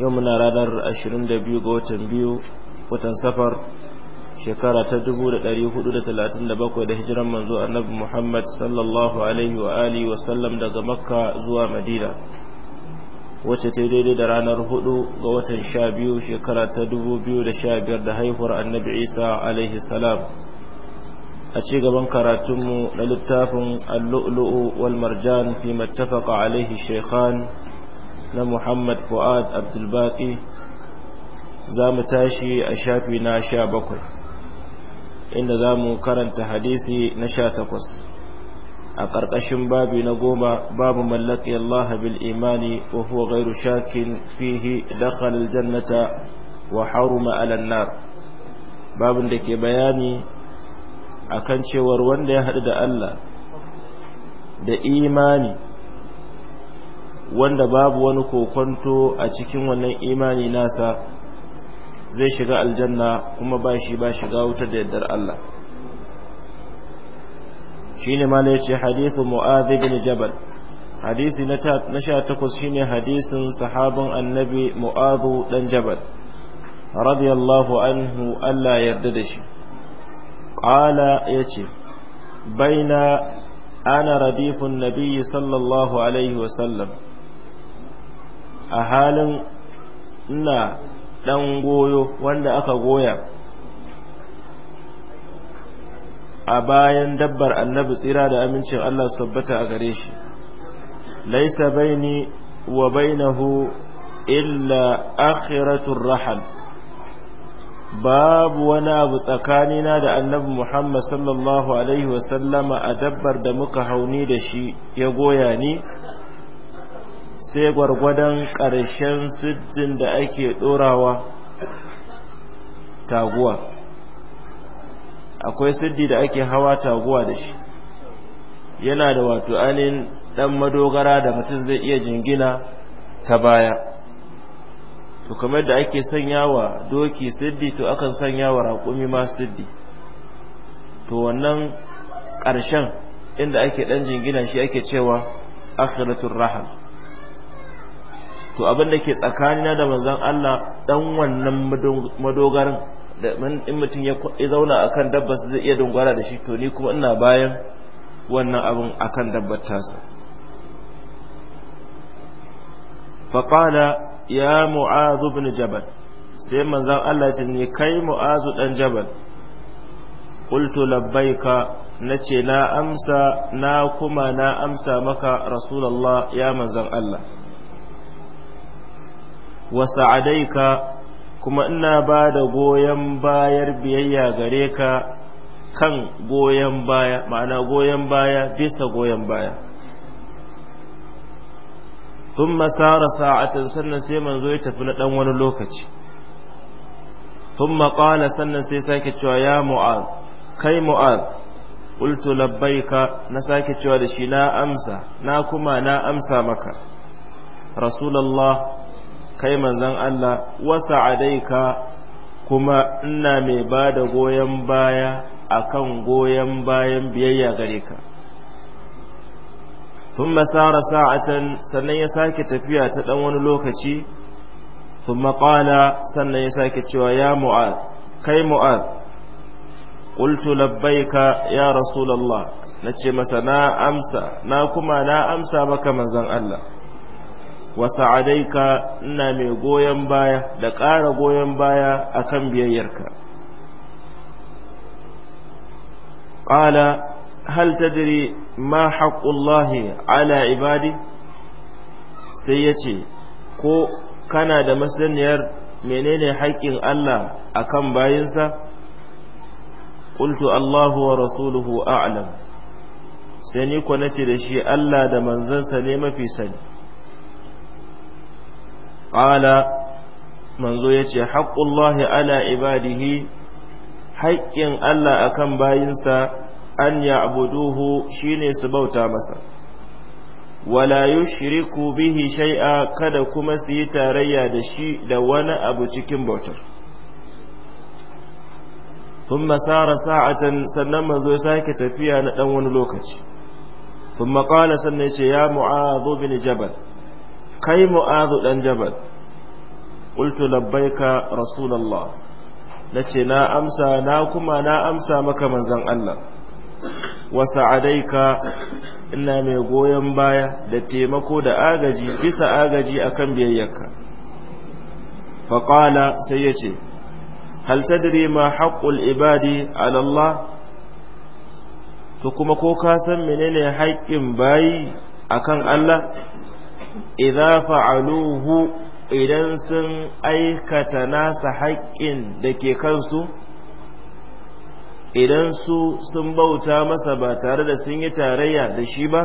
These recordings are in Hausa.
yau muna ranar 22 ga watan biyu watan safar shekara ta 437 da hijiran manzo annabi Muhammad sallallahu alaihi wa alihi wa sallam daga Makka zuwa Madina wacce ta daidai da ranar 4 ga watan 12 shekara ta 2015 da haihuwar annabi Isa alaihi salam a ci gaban karatunmu na littafin al-lu'lu'u wal marjan fi mattafaqa alaihi shaykhan na Muhammad Fuad Abdulbaqi za mu tashi a shafi na sha bakwai inda za mu karanta hadisi na sha takwas a ƙarƙashin babi na goma babu mallaki Allah bil imani wa huwa ghairu shakin fihi dakhala jannata wa haruma ala nar babin da ke bayani akan cewar wanda ya haɗu da Allah da imani wanda babu wani kokonto a cikin wannan imani nasa zai shiga aljanna kuma ba shi ba shiga wuta da yaddar Allah shine ma ne yace hadithu mu'adh ibn jabal hadisi na takwas shine hadisin sahabin annabi mu'adh dan jabal radiyallahu anhu Allah yarda da shi ya yace baina ana radifun nabiyyi sallallahu alaihi wasallam a halin na ɗan goyo wanda aka goya a bayan dabbar annabi tsira da amincin Allah su tabbata a gare shi laisa baini wa bainahu illa akhiratur rahal babu wani abu tsakanina da annabi Muhammad sallallahu alaihi wasallama a dabbar da muka hauni da shi ya goya ni sai gwargwadon ƙarshen siddin da ake ɗorawa taguwa akwai siddi da ake hawa taguwa da shi yana da wato anin ɗan madogara da mutum zai iya jingina ta baya to kamar da ake sanya doki siddi to akan sanyawa wa raƙumi ma siddi to wannan ƙarshen inda ake ɗan jingina shi ake cewa akhiratul rahal to abin da ke tsakanina da manzon Allah dan wannan madogarin in mutum ya zauna akan dabba zai iya dungwara da shi to ni kuma ina bayan wannan abin akan dabbar tasa qala ya mu'adh ibn jabal sai manzon Allah ya ce ni kai mu'azu dan jabal qultu labbaika nace na amsa na kuma na amsa maka rasulullah ya manzon Allah wa sa'adaika kuma ina ba da goyon bayar biyayya gare ka kan goyon baya ma'ana goyon baya bisa goyon baya Tun masara sa'atin sannan sai manzo ya tafi na ɗan wani lokaci Tun maƙala sannan sai sake cewa ya mu'ad kai mu'ad ƙultu labbaika na sake cewa da shi na amsa na kuma na amsa maka rasulallah kai manzon Allah wasa'adaika kuma ina mai ba da goyon baya akan goyon bayan biyayya gare ka ثم masara sa’atan sannan ya sake tafiya ta ɗan wani lokaci tun maƙala sannan ya sake cewa ya mu'ad kai mu'ad labbai ka ya na ce masa na amsa na kuma na amsa maka manzon Allah adaika ina mai goyon baya da ƙara goyon baya akan biyayyarka ƙala hal tadri ma haqqullahi ala ibadi sai yace ko kana da masaniyar menene haƙƙin Allah akan bayinsa ƙultu Allahu wa rasuluhu a'lam sai ni ko nace da shi Allah da manzansa ne mafi sani ala manzo yace haƙƙullahi ala ibadihi haƙƙin Allah akan bayinsa an ya'buduhu shine su bauta masa wala yushriku bihi shay'a kada kuma su yi tarayya da shi da wani abu cikin bautar thumma sara sa'atan sannan manzo ya sake tafiya na dan wani lokaci thumma qala sannan yace ya mu'adh bin jabal kai mu'azu dan jabal qultu labbaika rasulullah nace na amsa na kuma na amsa maka manzon Allah wa sa'adaika ina mai goyon baya da taimako da agaji bisa agaji akan biyayyarka Baƙala sai yace hal tadri ma haqqul ibadi ala Allah to kuma ko ka san menene haƙƙin bayi akan Allah idza fa'aluhu idan sun aikata nasa haƙƙin da ke kansu idan su sun bauta masa ba tare da sun yi tarayya da shi ba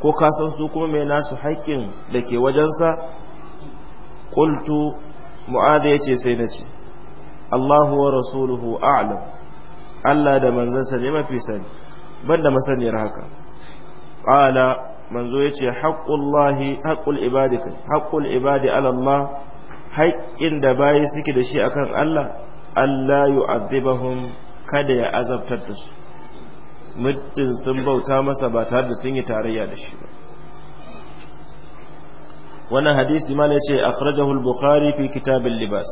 ko kasan su kuma mai nasu haƙƙin da ke wajensa ƙultu mu'ada ya ce sai na ce allahu wa rasuluhu a'lam allah da manzansa ne mafi sani ban da masaniyar haka ƙala manzo yace haqqullahi haqqul ibadi haqqul ibadi ala haƙƙin da bayi suke da shi akan Allah Allah yu'adhibahum kada ya azabtar da su muddin sun bauta masa ba tare da sun yi tarayya da shi ba wannan hadisi ma yace akhrajahu al-bukhari fi kitab al-libas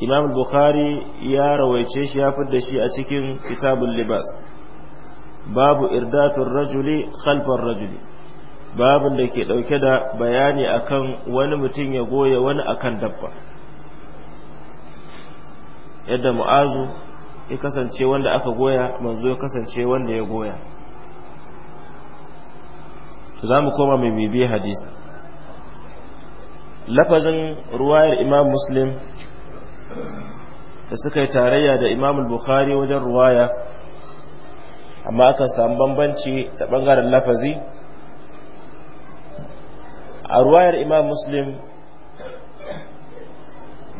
imam al-bukhari ya rawaice shi ya da shi a cikin kitabul libas babu irdafin rajuli khalfar rajuli babu da ke dauke da bayani akan wani mutum ya goya wani akan dabba yadda mu'azu ya kasance wanda aka goya manzo ya kasance wanda ya goya za mu koma mai bibiya hadisi lafazin ruwayar imam muslim da suka yi tarayya da imam bukhari wajen ruwaya amma akan samu bambanci ta bangaren lafazi a ruwayar imam muslim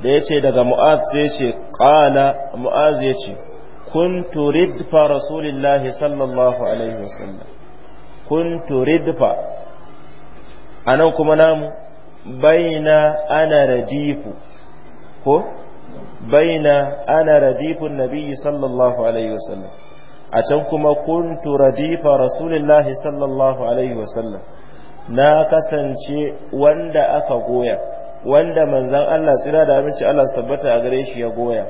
da ya ce daga mu'az ya ce ƙala mu'az ya ce kun turidfa rasulillahi sallallahu alaihi wasallam kun turidfa a nan kuma namu baina ana radifu ko baina ana radifun nabi sallallahu alaihi wasallam a can kuma kuntu radifa rasulillahi sallallahu alaihi wasallam na kasance wanda aka goya wanda manzan Allah tsira da aminci Allah su tabbata a gare shi ya goya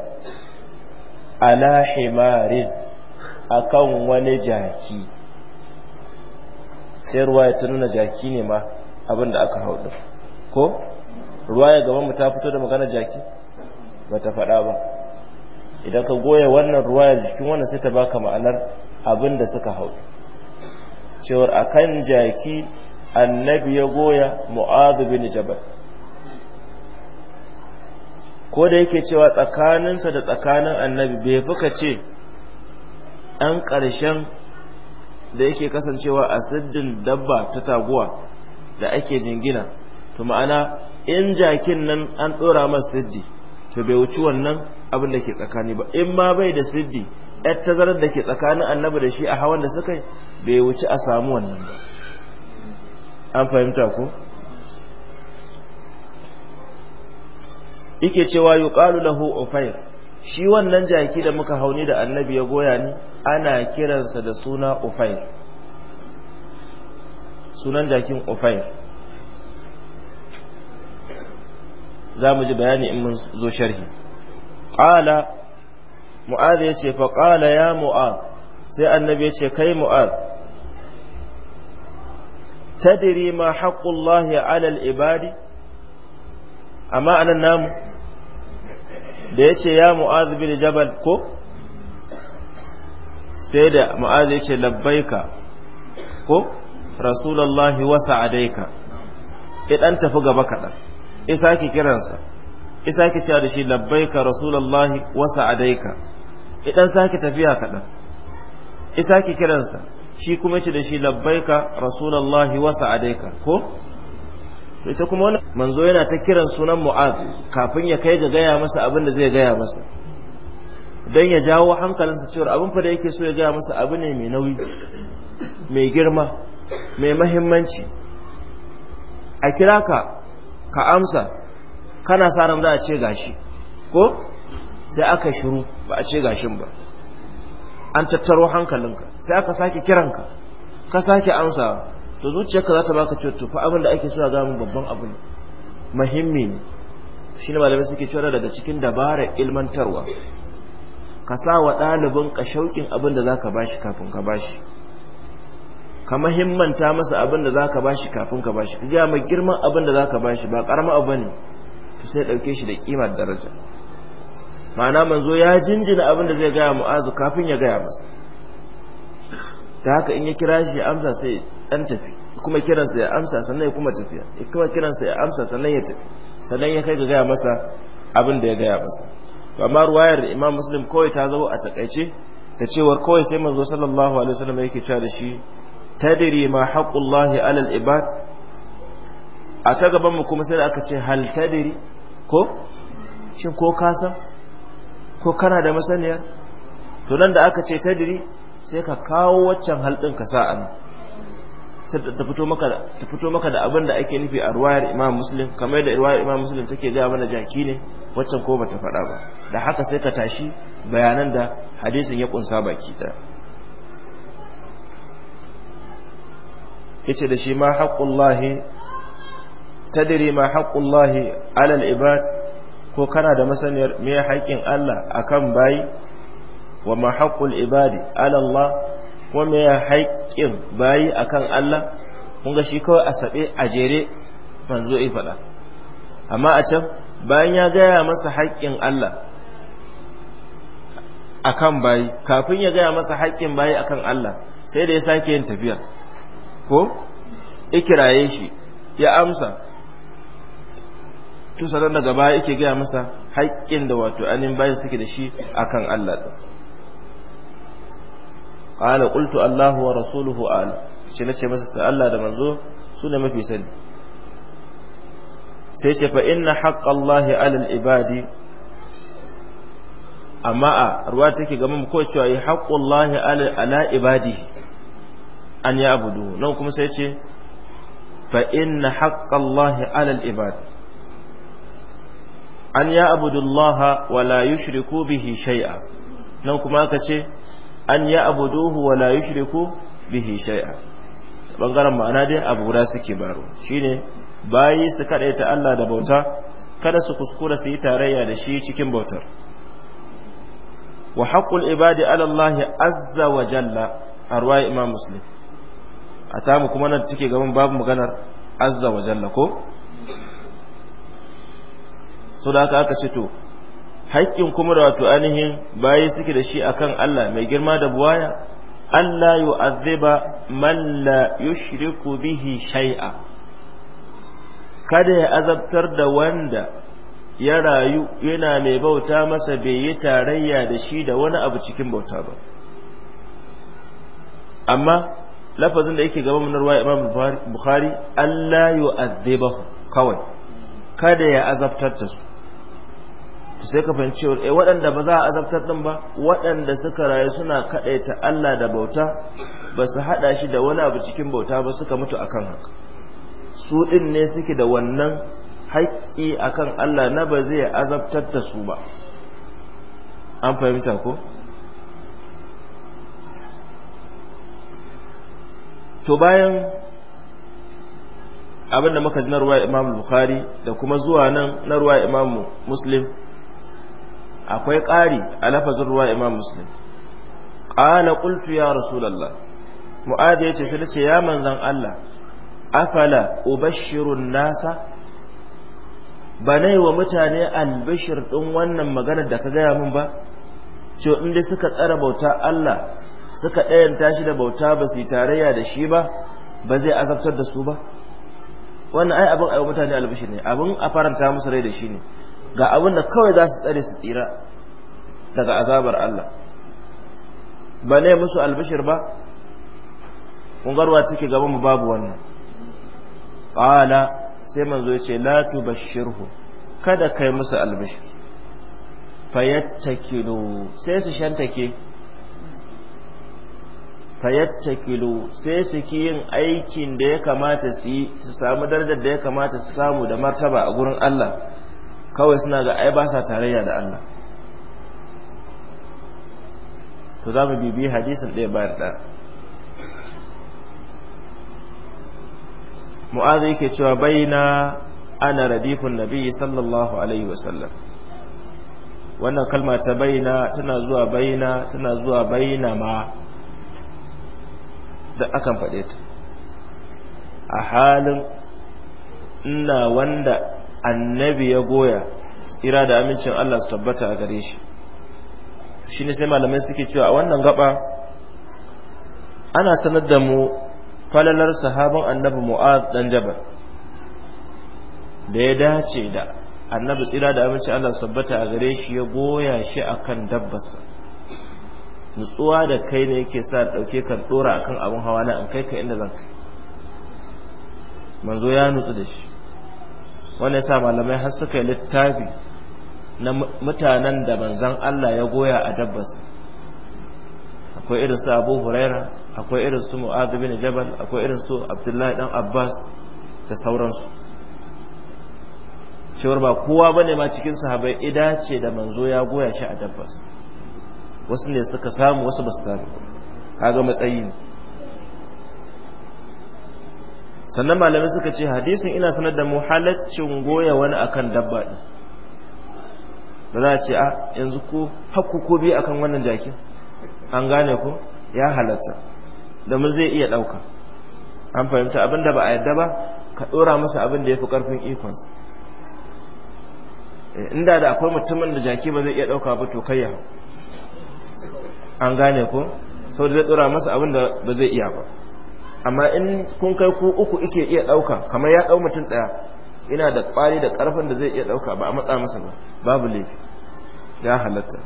ala himarin a kan wani jaki sai ruwa ya nuna jaki ne ma abin da aka haudu ko ruwa ya gaban mu ta fito da magana jaki ba ta faɗa ba idan ka goya wannan ya jikin wannan sai ta baka ma'anar abin da suka hau cewar kan jaki annabi ya goya mu'adhu bin jabal ko da yake cewa tsakaninsa da tsakanin annabi bai fuka ce ɗan ƙarshen da yake kasancewa a siddin dabba ta taguwa da ake jingina to ma'ana in jakin nan an ɗora masa siddi to bai wuci wannan abin da ke tsakani ba in ma bai da siddi yar tazarar da ke tsakanin annabi da shi a hawan da suka yi bai wuce a samu wannan ba an fahimta ko yake cewa na lahu ufair shi wannan jaki da muka hauni da annabi ya goya ni ana kiransa da suna ufair sunan jakin ufair za mu ji bayani in mun zo sharhi qala mu'az ya ce fa qala ya mu'az sai annabi ya ce kai mu'az tadri ma haqqullahi 'ala al-ibadi amma anan namu da ya ce ya mu'az bin jabal ko sai da mu'az ya ce labbaika ko rasulallahi wasa adaika ya ɗan tafi gaba kaɗan ya sake kiransa isa ki cewa da shi labbaika rasulullahi wa sa'adaika idan sake tafiya kaɗan isa ki kiransa shi kuma ce da shi labbaika rasulullahi wa sa'adaika ko ita kuma wani manzo yana ta kiran sunan Mu'ad kafin ya kai ga gaya masa abin da zai gaya masa dan ya jawo hankalinsa cewa abin fa da yake so ya gaya masa abu ne mai nauyi mai girma mai mahimmanci a kira ka ka amsa kana sa ran za a ce gashi ko sai aka shiru ba a ce gashin ba an tattaro hankalinka sai aka sake kiranka ka sake amsa. to zuciyarka za ta baka cewa to fa abin da ake so a zamu babban abu ne muhimmi ne shine malamai suke cewa daga cikin dabarar ilmantarwa ka sa wa ɗalibin ka shauƙin abin da zaka bashi kafin ka bashi ka muhimmanta masa abin da zaka bashi kafin ka bashi ka ga ma girman abin da zaka bashi ba karama abu ne sai dauke shi da da daraja ma'ana manzo ya jinjina abin da zai gaya mu'azu kafin ya gaya masa ta haka in ya kira shi ya amsa sai dan tafi kuma kiransa ya amsa sannan ya kuma tafiya ya kuma kiransa ya amsa sannan ya tafi sannan ya kai ga gaya masa abin da ya gaya masa to amma ruwayar imam muslim kawai ta zo a takaice da cewar kawai sai manzo sallallahu alaihi wasallam yake cewa da shi tadri ma haqqullahi alal ibad a ta gaban mu kuma sai da aka ce hal tadiri ko shin ko ka san ko kana da masaniyar to nan da aka ce tadiri sai ka kawo waccan hal din ka sa'an sai ta fito maka ta fito maka da abin da ake nufi a ruwayar Imam Muslim kamar da ruwayar Imam Muslim take ga mana jaki ne waccan ko bata faɗa ba da haka sai ka tashi bayanan da hadisin ya kunsa baki ta. yace da shi ma haqqullahi tadiri ma haqqullahi alal ibad ko kana da masaniyar me haƙƙin Allah akan bayi wa ma haqqul ibadi ala Allah ko me haƙƙin bayi akan Allah mun ga shi kawai a sabe a jere manzo ya faɗa amma a can bayan ya gaya masa haƙƙin Allah akan bayi kafin ya gaya masa haƙƙin bayi akan Allah sai da ya sake yin tafiya ko ikiraye shi ya amsa tun sanan daga baya yake gaya masa haƙƙin da wato anin bayan suke da shi akan Allah ɗin ƙala ƙultu Allahu wa rasuluhu ala shi ce masa sai Allah da manzo su ne mafi sani sai ce fa inna allahi alal ibadi amma a ruwa take gama mu ko cewa yi haqqullahi alal ala ibadi an ya abudu nan kuma sai ce fa inna allahi alal ibadi an ya abudullaha wa la yushriku bihi shay'a nan kuma aka ce an ya abuduhu wa la yushriku bihi shay'a bangaren ma'ana dai abu guda suke baro shine bayi su ta Allah da bauta kada su kuskura su yi tarayya da shi cikin bautar wa haqqul ibadi ala Allah azza wa jalla arwai imam muslim a kuma nan take gaban babu maganar azza wa jalla ko so da haka aka ce to haƙƙin kuma da wato ainihin bayi suke da shi akan Allah mai girma da buwaya Allah yu'azziba man la yushriku bihi shai'a. kada ya azabtar da wanda ya rayu yana mai bauta masa bai yi tarayya da shi da wani abu cikin bauta ba amma lafazin da yake gaba mun ruwa Imam Bukhari Allah yu'azzibahu kawai kada ya azabtar da su sai ka fahimci cewa eh waɗanda ba za a azabtar din ba waɗanda suka rayu suna kadaita Allah da bauta ba su hada shi da wani abu cikin bauta ba suka mutu akan haka su din ne suke da wannan haƙƙi akan Allah na ba zai azabtar da su ba an fahimta ko to bayan abinda muka ji na ruwa imam bukhari da kuma zuwa nan na ruwa imam muslim akwai ƙari a lafazin ruwa imam muslim ƙala ƙultu ya rasulallah mu'adu ya ce sai ce ya manzan Allah afala ubashirun nasa ba na yi wa mutane albishir ɗin wannan maganar da ka gaya min ba ce in dai suka tsara bauta Allah suka ɗayanta shi da bauta ba su yi tarayya da shi ba ba zai azabtar da su ba wannan ai abin wa mutane albishir ne abin a faranta musu rai da shi ne ga abin da kawai za su tsare su tsira daga azabar Allah ba ne musu albishir ba kungarwa take gaban mu babu wannan ƙala sai manzo ya ce la tubashshirhu kada kai musu albishir fayattakilu sai su shantake fayattakilu sai su ki yin aikin da ya kamata su yi su samu darajar da ya kamata su samu da martaba a gurin Allah kawai suna ga ai ba sa tarayya da Allah to za mu bibi hadisin ɗaya bayar ɗaya mu'azu yake cewa bayyana ana radifin nabi sallallahu alaihi wasallam wannan kalma ta bayyana tana zuwa bayyana tana zuwa bayyana ma da akan faɗe ta a halin ina wanda annabi ya goya tsira da amincin Allah su tabbata a gare shi shi ne sai malamai suke cewa a wannan gaba ana sanar da mu falalar sahabin annabi mu'ad dan jabal da ya dace da annabi tsira da amincin Allah su tabbata a gare shi ya goya shi akan dabbarsa nutsuwa da kai ne yake sa dauke kan dora akan abin hawa na an kai ka inda zan kai manzo ya nutsu da shi wanda yasa malamai har suka yi littafi na mutanen da manzon Allah ya goya a dabbas akwai irin su Abu Huraira akwai irin su Mu'adh bin Jabal akwai irin su Abdullahi dan Abbas da sauransu cewar ba kowa bane ma cikin sahabbai ida ce da manzo ya goya shi a dabbas wasu ne suka samu wasu ba su samu kaga matsayi ne sannan malamai suka ce hadisin ina sanar da mu halaccin goya wani akan dabba din ba za a ce a ah, yanzu ko hakku ko biyu akan wannan jakin an gane ko ya halatta da mu zai iya ɗauka an fahimta abin da ba a yadda ba ka ɗora masa abin da ya fi ƙarfin ikonsa eh, inda da akwai mutumin da jaki ba zai iya ɗauka ba to kai ya an gane ko sau da zai ɗora masa abin da ba zai iya ba amma in kun kai ku uku ike iya ɗauka kamar ya ɗau mutum ɗaya ina da ƙwari da ƙarfin da zai iya ɗauka ba a matsa masa ba babu laifi ya halatta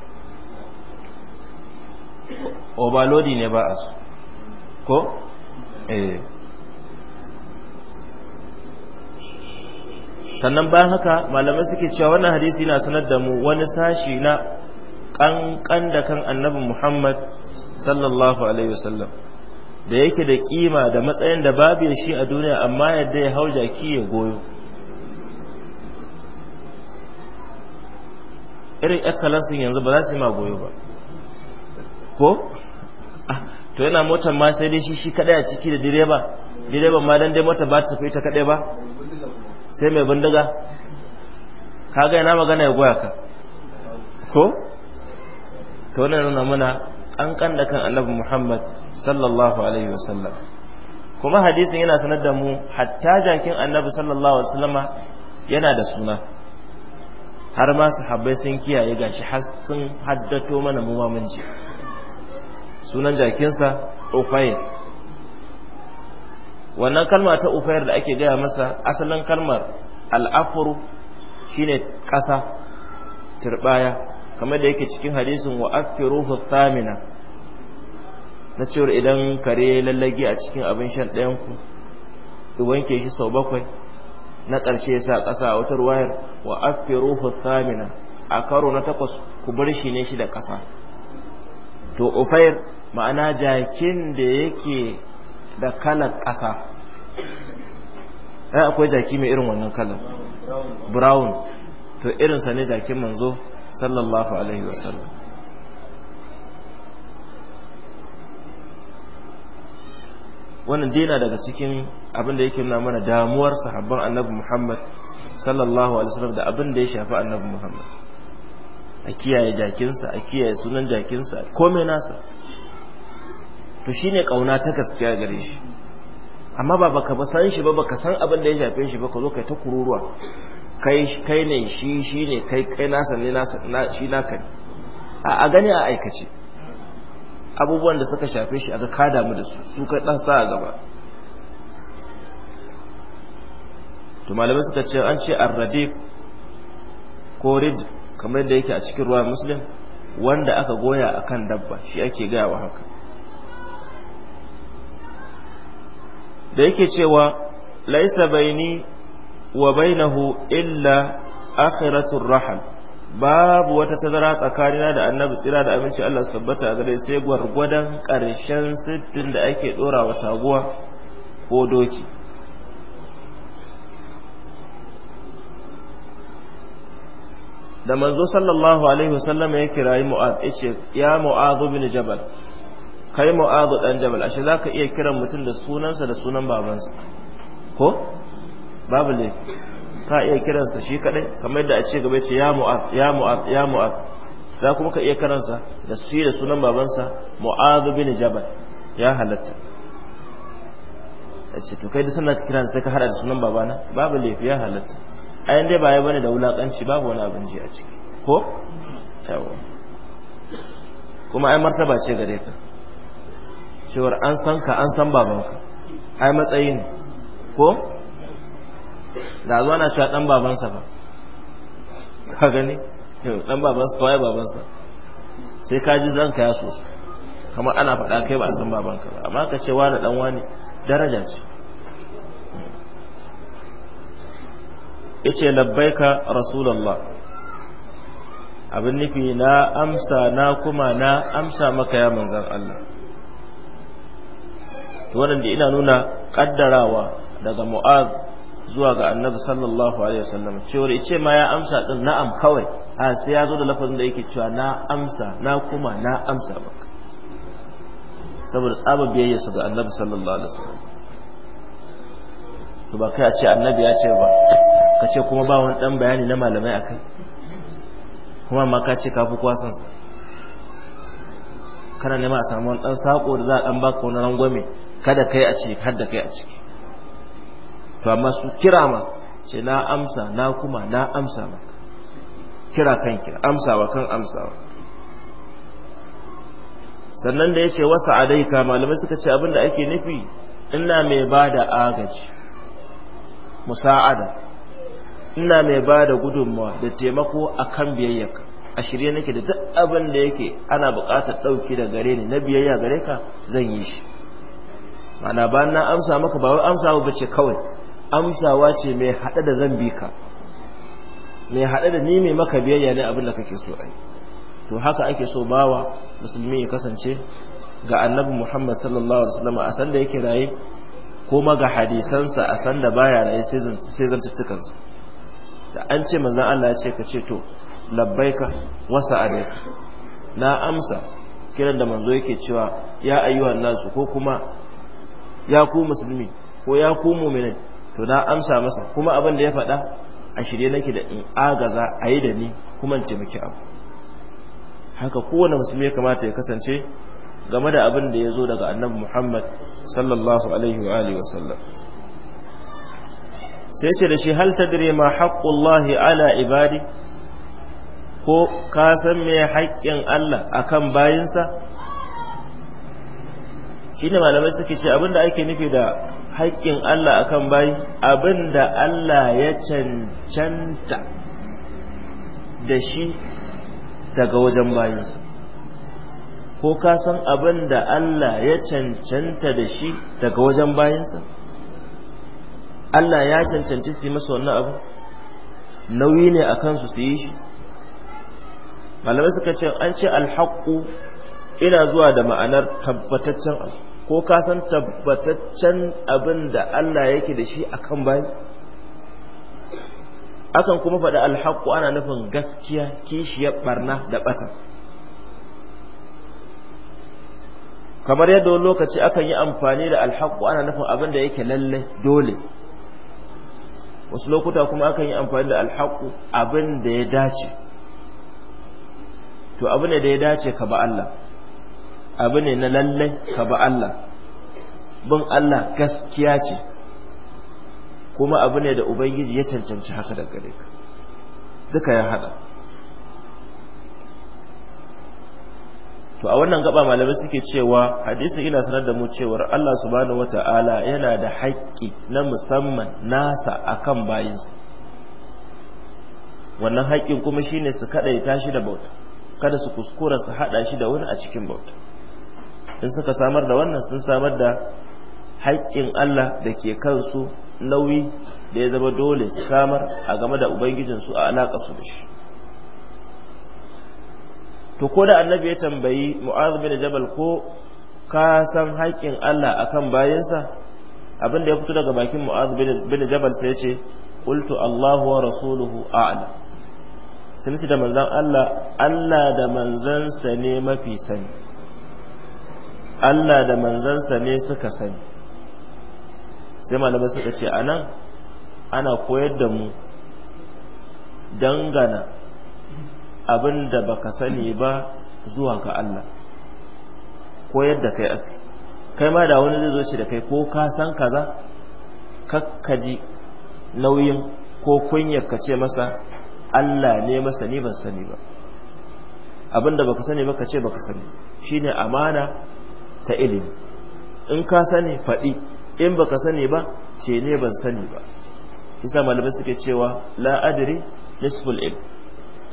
obalodi ne ba a su ko? eh sannan bayan haka malamai suke cewa wannan hadisi na sanar da mu wani sashi na ƙanƙan da kan annabi muhammad sallallahu alaihi wasallam da yake da kima da matsayin da babu ya shi a duniya amma yadda ya hau jaki ya goyo irin excellence yanzu ba za su yi ma goyo ba ko ah, to yana motar ma sai dai shi shi kadai a ciki da direba direban ma dan dai mota ba ta tafi ta kadai ba sai mai bindiga kaga yana magana ya goya ka ko to wannan nuna mana an kanda kan annabi Muhammad sallallahu alaihi wasallam kuma hadisin yana sanar da mu hatta jakin annabi sallallahu alaihi wasallama yana da suna har ma sahabbai sun kiyaye gashi har sun haddato mana mu ma mun sunan jakinsa Ufayr wannan kalma ta Ufayr da ake gaya masa asalin kalmar al-afru shine ƙasa turbaya kamar da yake cikin hadisin wa ruhu thamina na cewar idan kare lallage a cikin abin shan ɗayan ku ki wanke shi sau bakwai na ƙarshe sa ƙasa a wutar wayar wa ruhu thamina a karo na takwas ku bar shi ne shi da ƙasa to ufair ma'ana jakin da yake da kalar ƙasa ai eh, akwai jaki mai irin wannan kalar brown to irinsa ne jakin manzo sallallahu alaihi wasallam wannan dina daga cikin abin da yake nuna mana damuwar sahabban annabi Muhammad sallallahu alaihi wasallam da abin da ya shafi annabi Muhammad a kiyaye jakinsa a kiyaye sunan jakinsa komai nasa to shine kauna ta gaskiya gare shi amma ba baka ba san shi ba baka san abin da ya shafe shi ba ka zo kai ta kururuwa kai kai ne shi shi ne kai kai nasa ne na shi naka ne a gani a aikace abubuwan da suka shafe shi aka kada mu da su su kai dan sa gaba to malamai suka ce an ce ar-radib ko rid kamar da yake a cikin ruwa muslim wanda aka goya akan dabba shi ake gaya wa haka da yake cewa laisa baini wa bainahu illa akhiratur rahal babu wata tazara tsakanina da annabi tsira da abinci Allah su tabbata gare sai gwargwadon ƙarshen sittin da ake dora wa taguwa ko doki da manzo sallallahu alaihi wasallam ya kirayi mu'ad yace ya mu'ad bin jabal kai mu'ad dan jabal ashe zaka iya kiran mutum da sunansa da sunan babansa ko babu laifi ka iya kiransa shi kadai kamar yadda a ce gaba ce ya mu'az ya mu'az ya mu'az za kuma ka iya karansa da shi da sunan babansa mu'az bin jabal ya halatta a ce to kai da sanar ka kiransa sai ka hada da sunan babana babu laifi ya halatta a yan dai baya bane da wulakanci babu wani abin ji a ciki ko yawa kuma ai martaba ce gare ka cewar an san ka an san babanka ai matsayi ne ko da zuwa na cewa dan babansa ba ka gani dan babansa kawai babansa sai ka ji zanka ya so kamar ana faɗa kai ba a san babanka ba amma ka ce wani dan wani daraja ce ce labbaika rasulallah abin nufi na amsa na kuma na amsa maka ya manzan Allah wannan da ina nuna kaddarawa daga mu'az zuwa ga annabi sallallahu alaihi wasallam cewar ice ma ya amsa din na'am kawai a sai ya zo da lafazin da yake cewa na amsa na kuma na amsa maka saboda tsaba biyayya su ga annabi sallallahu alaihi wasallam to ba kai a ce annabi ya ce ba ka ce kuma ba wani dan bayani na malamai akai kuma ma ka ce kafi kwasan sa kana nema a samu wani dan sako da za a dan baka wani rangwame kada kai a ce har da kai a ciki fa masu kira ma ce na amsa na kuma na amsa ma kira kan kira amsawa kan amsawa sannan da ya ce wasa adaika malamai suka ce abinda ake nufi ina mai ba da agaji musa'ada ina mai ba da gudunmawa da taimako a kan biyayyaka a shirye nake da duk abin da yake ana buƙatar ɗauki da gare ni na biyayya gare ka zan yi shi mana ba na amsa maka ba wai amsa ba ce kawai amsawa ce mai haɗe da zan bi ka mai haɗe da ni mai maka biyayya ne abin da kake so ai to haka ake so bawa musulmi ya kasance ga annabi Muhammad sallallahu alaihi wasallam a san da yake raye kuma ga hadisansa a san da baya raye sai zan tuttukan su da an ce manzon Allah ya ce ka ce to labbaika wa sa'adaika na amsa kiran da manzo yake cewa ya ayyuhan nasu ko kuma ya ku musulmi ko ya ku mu'minin to na amsa masa kuma abin da ya faɗa a shirye nake da in agaza a yi da ni kuma in taimaki abu haka kowane musulmi ya kamata ya kasance game da abin da ya zo daga annabi muhammad sallallahu alaihi wa alihi wasallam sai ce da shi hal tadri ma haqqullahi ala ibadi ko ka san me haƙƙin Allah akan bayinsa shine malamai suke ce abin da ake nufi da haƙƙin Allah akan bayi abinda Allah ya cancanta da shi daga wajen bayinsa ko ka san abin da Allah ya cancanta da shi daga wajen bayinsa Allah ya cancanci su yi masa wannan abu nauyi ne a kansu su yi shi malamai suka ce an ce alhaƙu ina zuwa da ma'anar tabbataccen abu ko ka san tabbataccen abin da Allah yake da shi akan bayi akan kuma faɗi alhaƙu ana nufin gaskiya kishiyar barna da ɓata kamar yadda wani lokaci akan yi amfani da alhaƙu ana nufin abin da yake lalle dole wasu lokuta kuma akan yi amfani da alhaƙu abin da ya dace to abin da ya dace ka ba Allah abu ne na lallai ka bi Allah bin Allah gaskiya ce kuma abu ne da ubangiji ya cancanci haka da gare ka duka ya haɗa. to a wannan gaba malamai suke cewa hadisi ina sanar da mu cewar Allah subhanahu wata'ala yana da haƙƙi na musamman nasa akan bayinsa wannan haƙƙin kuma shine su ya tashi da bauta kada su kuskura su haɗa shi da wani a cikin bauta in suka samar da wannan sun samar da haƙƙin Allah da ke kansu nauyi da ya zama dole su samar a game da ubangijinsu a alaƙa su da shi to ko da annabi ya tambayi mu'az bin jabal ko ka san haƙƙin Allah kan bayansa abin da ya fito daga bakin mu'az bin jabal sai ce qultu Allahu wa rasuluhu a'lam sai da manzan Allah Allah da manzansa ne mafi sani Allah da manzansa ne suka sani sai malamai suka ce a nan ana koyar da mu dangana abin da ka sani ba zuwa ga Allah koyar da kai ake kai ma da wani zai zo ce da kai ko ka san kaza kakkaji nauyin ko kunyar ka ce masa Allah ne masa ni ban sani ba abin da ka sani ba ka ce ba ka sani shine amana ta ilimi in ka sani faɗi in ba ka sani ba ce ne ban sani ba isa malamai suke cewa la adri nisful il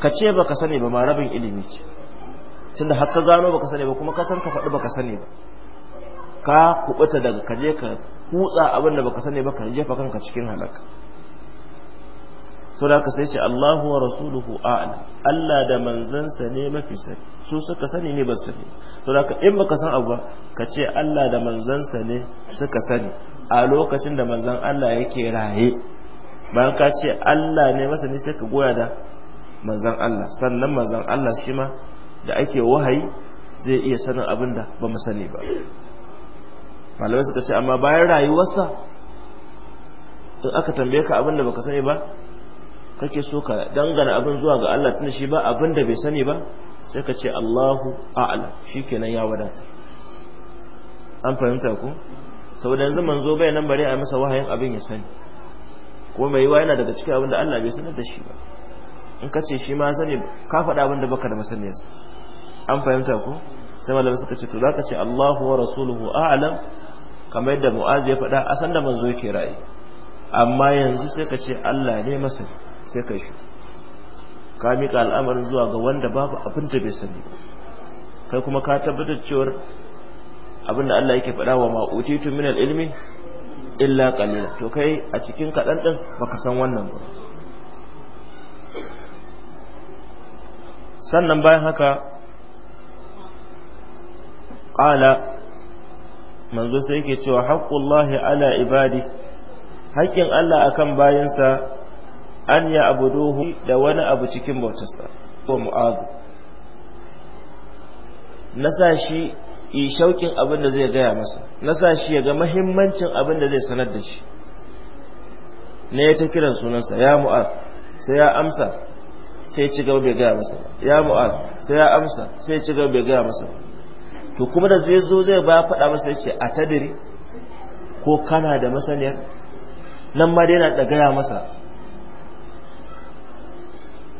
ka ce ba ka sani ba ma rabin ilimi ce tun da haka gano ba ka sani ba kuma ka san ka faɗi ka sani ba ka kubuta daga kaje ka kutsa abin da ka sani ba ka jefa kanka cikin halaka so da sai ce Allahu wa rasuluhu a'lam Allah da manzansa ne mafi sani su suka sani ne ba sani so da in baka san abu ba ka ce Allah da manzansa ne suka sani a lokacin da manzan Allah yake raye bayan ka ce Allah ne masani sai ka goya da manzan Allah sannan manzan Allah shi ma da ake wahayi zai iya sanin abin da ba mu sani ba malamai suka ce amma bayan rayuwarsa in aka tambaye ka abin da baka sani ba kake so ka dangana abin zuwa ga Allah tunda shi ba abin da bai sani ba sai ka ce Allahu a'lam shikenan ya wadata an fahimta ku saboda yanzu manzo bai nan bare a masa wahayin abin ya sani ko mai yiwa yana daga cikin abin da Allah bai sanar da shi ba in ka ce shi ma sani ka faɗa abin da baka da masaniyarsa an fahimta ku sai malamai suka ce to zaka ce Allahu wa rasuluhu a'lam kamar yadda Mu'az ya faɗa a san da manzo yake ra'ayi amma yanzu sai ka ce Allah ne masani sai kai shi ka mika al'amarin zuwa ga wanda babu abin da bai sani kai kuma ka tabbatar cewar abin da Allah yake faɗa wa ma'utitu min al-ilmi illa qalila to kai a cikin kaɗan ɗin baka san wannan ba sannan bayan haka ƙala manzo sai yake cewa haqqullahi ala ibadi haƙƙin Allah akan bayinsa an ya abuduhu da wani abu cikin bautarsa ko mu'adu na sa shi yi shauƙin abin da zai gaya masa na sa shi ya ga mahimmancin abin da zai sanar da shi na ya ta kiran sunansa ya mu'ad sai ya amsa sai ci gaba bai gaya masa ya mu'ad sai ya amsa sai ci gaba bai gaya masa to kuma da zai zo zai ba faɗa masa ya ce a tadiri ko kana da masaniyar nan ma dai na da gaya masa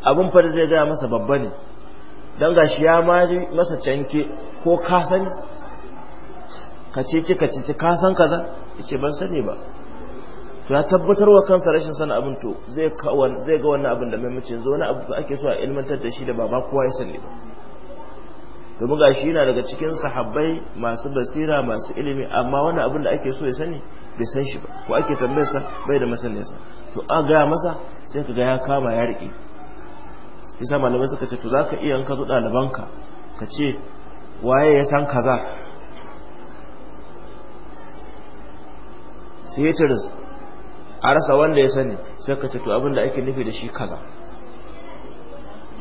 abin fa da zai gaya masa babba ne don ga shi ya mari masa canke ko ka sani ka cece ka cece ka san kaza yace ban sani ba ya tabbatar wa kansa rashin sanin abin to zai zai ga wannan abin da mace zo wani abu ake so a ilmantar da shi da baba kowa ya sani ba domin ga shi yana daga cikin sahabbai masu basira masu ilimi amma wani abin da ake so ya sani bai san shi ba ko ake sa bai da masaninsa to a gaya masa sai ka ga ya kama ya riƙe isa malamai suka ce to zaka iya in ka zo ɗalibanka ka ce waye ya san kaza setiris a rasa wanda ya sani sai ka ce to abinda ake nufi da shi kaza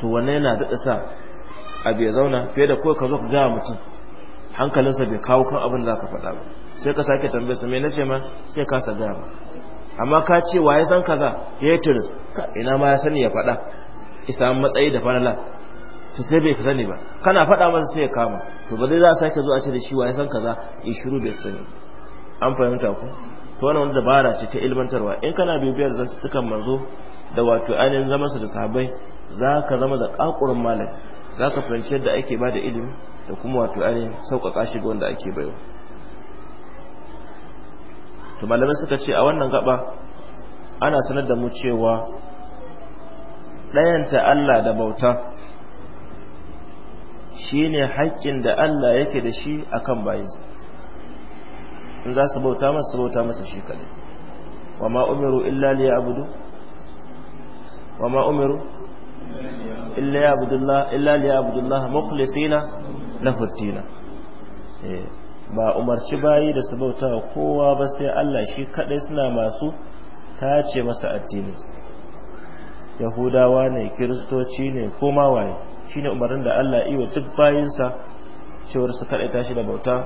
to wannan yana daɗa sa abu ya zauna fiye da kawai ka zo ka gaya mutum hankalinsa bai kawo kan abin da ka faɗa ba sai ka sake tambayar sa me na ce ma sai ka sa gaya ba amma ka ce wa ya san kaza ya yi tiris ina ma ya sani ya faɗa isa matsayi da falala su sai bai sani ba kana faɗa masa sai ya kama to ba zai za a sake zuwa ce da shi wa ya san kaza in shiru bai sani an fahimta ku to wannan wani dabara ce ta ilmantarwa in kana bibiyar cikin manzo da wato ainihin zama su da sahabbai za ka zama da ƙaƙurin malam za ka fahimci yadda ake ba da ilimi da kuma wato ainihin sauƙaƙa shi ga wanda ake bayo to malamai suka ce a wannan gaba ana sanar da mu cewa ɗayanta Allah da bauta shine haƙƙin da Allah yake da shi akan bayinsa in za su bauta masa su bauta masa shi kadai wa ma umiru illa abudu wa ma'umiru illa liya'budullah illa liya'budullah mukhlisina lahu eh, ba umarci bayi da su bauta kowa ba sai Allah shi kadai suna masu tace masa addinin yahudawa ne kiristoci ne ko ma waye shine umarnin da Allah yi wa duk bayinsa cewar su kada tashi da bauta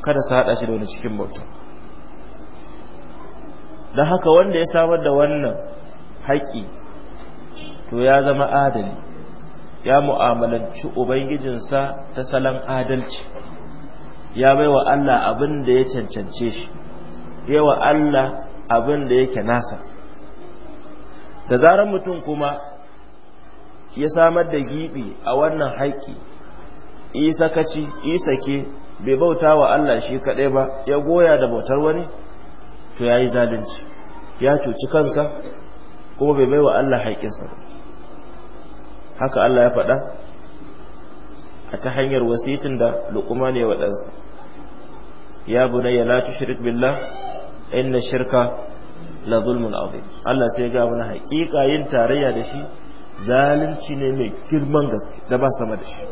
kada su hada shi da wani cikin bauta dan haka wanda ya samar da wannan haƙi to ya zama adali ya mu'amalanci ubangijinsa ta salon adalci ya bai wa Allah abin da ya cancance shi yawa Allah abin da yake nasa da zarar mutum kuma ya samar da giɓi a wannan haƙƙi isa ke? bai bauta wa Allah shi kaɗai ba ya goya da bautar wani to ya yi zalunci ya cuci kansa kuma bai baiwa Allah haƙƙinsa haka Allah ya faɗa a ta hanyar wasitin da lukuma ne wa ya bunayya la tushrik billah inna shirka la zulmun azim Allah sai ga mana haƙiƙa yin tarayya da shi zalunci ne mai girman gaske da ba sama da shi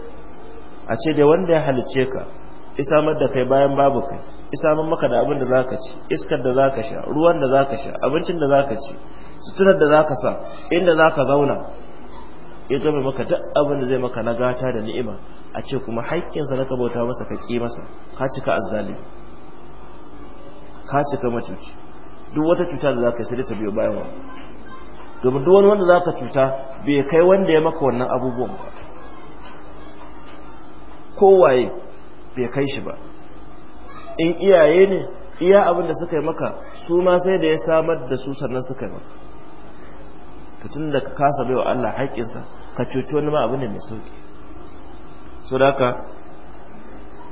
a ce da wanda ya halice ka isamar da kai bayan babu kai isamar maka da abin da zaka ci iskar da zaka sha ruwan da zaka sha abincin da zaka ci suturar da zaka sa inda zaka zauna ya gama maka duk abin da zai maka na gata da ni'ima a ce kuma sa na kabauta masa ka ƙi masa ka cika azzalimi ka cika mutunci duk wata cuta da zaka sai ta biyo bayan wannan domin duk wani wanda ka cuta bai kai wanda ya maka wannan abubuwan ba kowaye bai kai shi ba in iyaye ne iya abin da suka yi maka su ma sai da ya samar da su sannan suka yi maka ka tun da ka kasa baiwa Allah haƙƙinsa ka cuci wani ma abu ne mai sauƙi. so da haka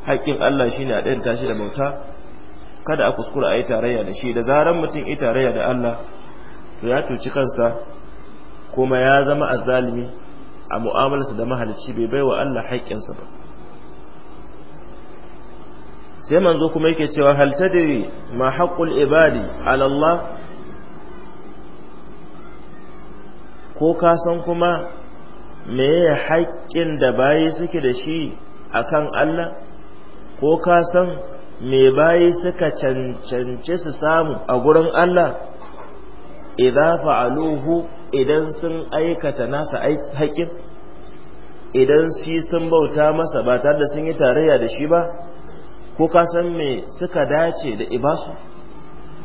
haƙƙin Allah shine a ɗayan tashi da bauta kada a kuskura a yi tarayya da shi da zarar mutum yi tarayya da Allah to ya tuci kansa kuma ya zama azalimi a mu'amalarsa da mahalicci bai baiwa Allah haƙƙinsa ba sai manzo kuma yake cewa hal tadri ma haqqul ibadi ala Allah ko ka san kuma meye haƙƙin da bayi suke da shi akan Allah ko ka san me bayi suka cancance su samu a gurin Allah idza fa'aluhu idan sun aikata nasa haƙin idan si sun bauta masa ba tare da sun yi tarayya da shi ba ko ka san me suka dace da ibasu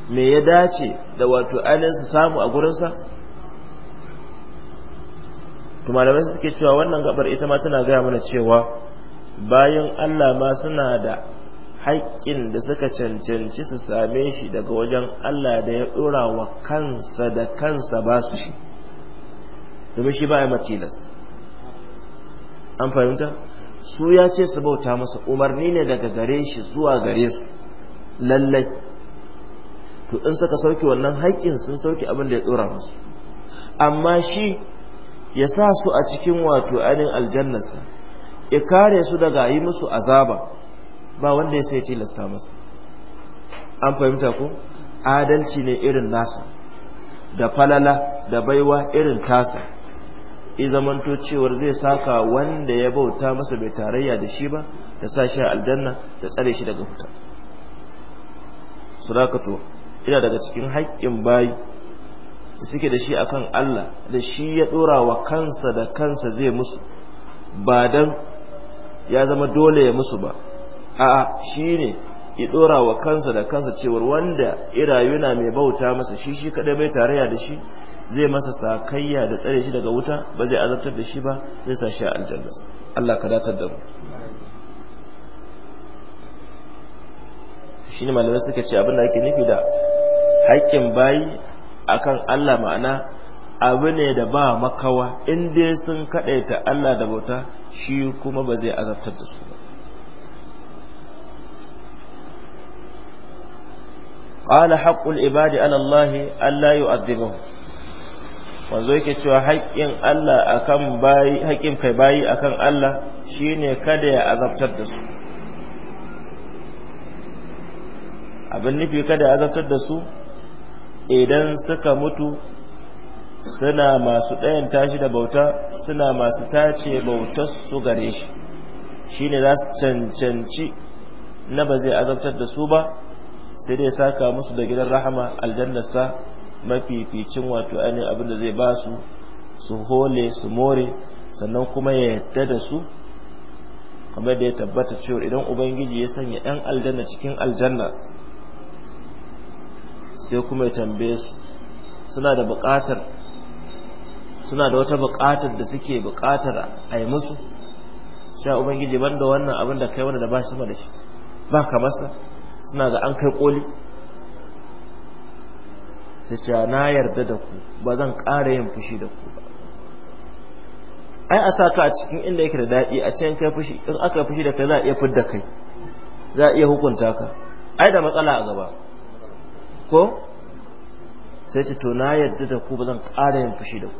me ya dace da wato ainihin su samu a gurinsa to suke cewa wannan gabar ita ma tana gaya mana cewa bayan Allah ma suna da haƙƙin da suka cancanci su same shi daga wajen Allah da ya ɗora wa kansa da kansa ba su shi domin shi ba ya matilas an fahimta su ya ce su bauta masa umarni ne daga gare shi zuwa gare su lallai to in suka sauke wannan haƙƙin sun sauke abin da ya ɗora musu amma shi ya sa su a cikin wato ainihin aljannarsa ya kare su daga yi musu azaba ba wanda ya sai tilasta masa an fahimta ko adalci ne irin nasa da falala da baiwa irin tasa i zamanto cewar zai saka wanda ya bauta masa bai tarayya da shi ba da sa shi aljanna da tsare shi daga wuta surakato ina daga cikin haƙƙin bayi da suke da shi akan Allah da shi ya dora wa kansa da kansa zai musu ba dan ya zama dole ya musu ba A'a, shi ne ya dora wa kansa da kansa cewar wanda irayuna mai bauta masa shi shi kadai bai tarayya da shi zai masa sakayya da tsare shi daga wuta ba zai azabtar da shi ba zai sa shi a aljanna Allah ka datar da mu ne malamai suka ce abin da ake nufi da haƙƙin bayi akan Allah ma'ana abu ne da ba makawa in dai sun kaɗaita Allah da bauta shi kuma ba zai azabtar da su ba قال حق ibadi ala Allah alla yu'adhibahu wanzo yake cewa haƙƙin Allah akan bayi haƙƙin kai bayi akan Allah shine kada ya azabtar da su abin nufi kada ya azabtar da su idan suka mutu suna masu ɗayan tashi da bauta suna masu tace bautar su gare shi shine za su cancanci na ba zai azabtar da su ba sai dai saka musu da gidan rahama aljannarsa mafificin wato ani abin da zai ba su su hole su more sannan kuma ya yadda da su kuma da ya tabbata cewa idan ubangiji ya sanya yan aljanna cikin aljanna sai kuma ya tambaye su suna da buƙatar suna da wata buƙatar da suke buƙatar a yi musu sai ubangiji banda wannan abin da kai wanda da ba sama da shi ba kamarsa suna ga an kai koli sai ce na yarda da ku ba zan ƙara yin fushi da ku ba ai a sa ka a cikin inda yake da daɗi a cikin kai fushi in aka fushi da kai za a iya fidda kai za a iya hukunta ka ai da matsala a gaba ko sai ce to na yarda da ku ba zan ƙara yin fushi da ku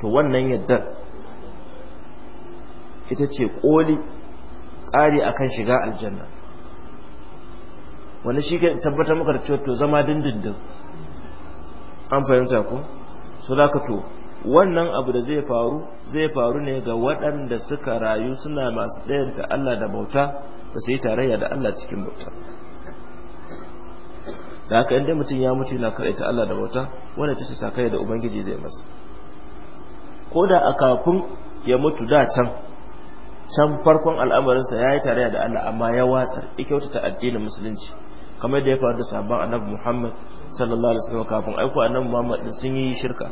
to wannan yaddar ita ce ƙoli ƙari akan shiga aljanna wani shi ke tabbatar maka da cewa to zama dindindin an fahimta ku so da ka to wannan abu da zai faru zai faru ne ga waɗanda suka rayu suna masu ɗayanta Allah da bauta da su yi tarayya da Allah cikin bauta da haka inda mutum ya mutu yana ta Allah da bauta wanda ta kai da ubangiji zai masa ko da a kafin ya mutu da can can farkon al'amarinsa ya yi tarayya da Allah amma ya watsar ya ta addinin musulunci kamar da ya faru da sabon annabi Muhammad sallallahu alaihi wasallam kafin aiko annabi Muhammad din sun yi shirka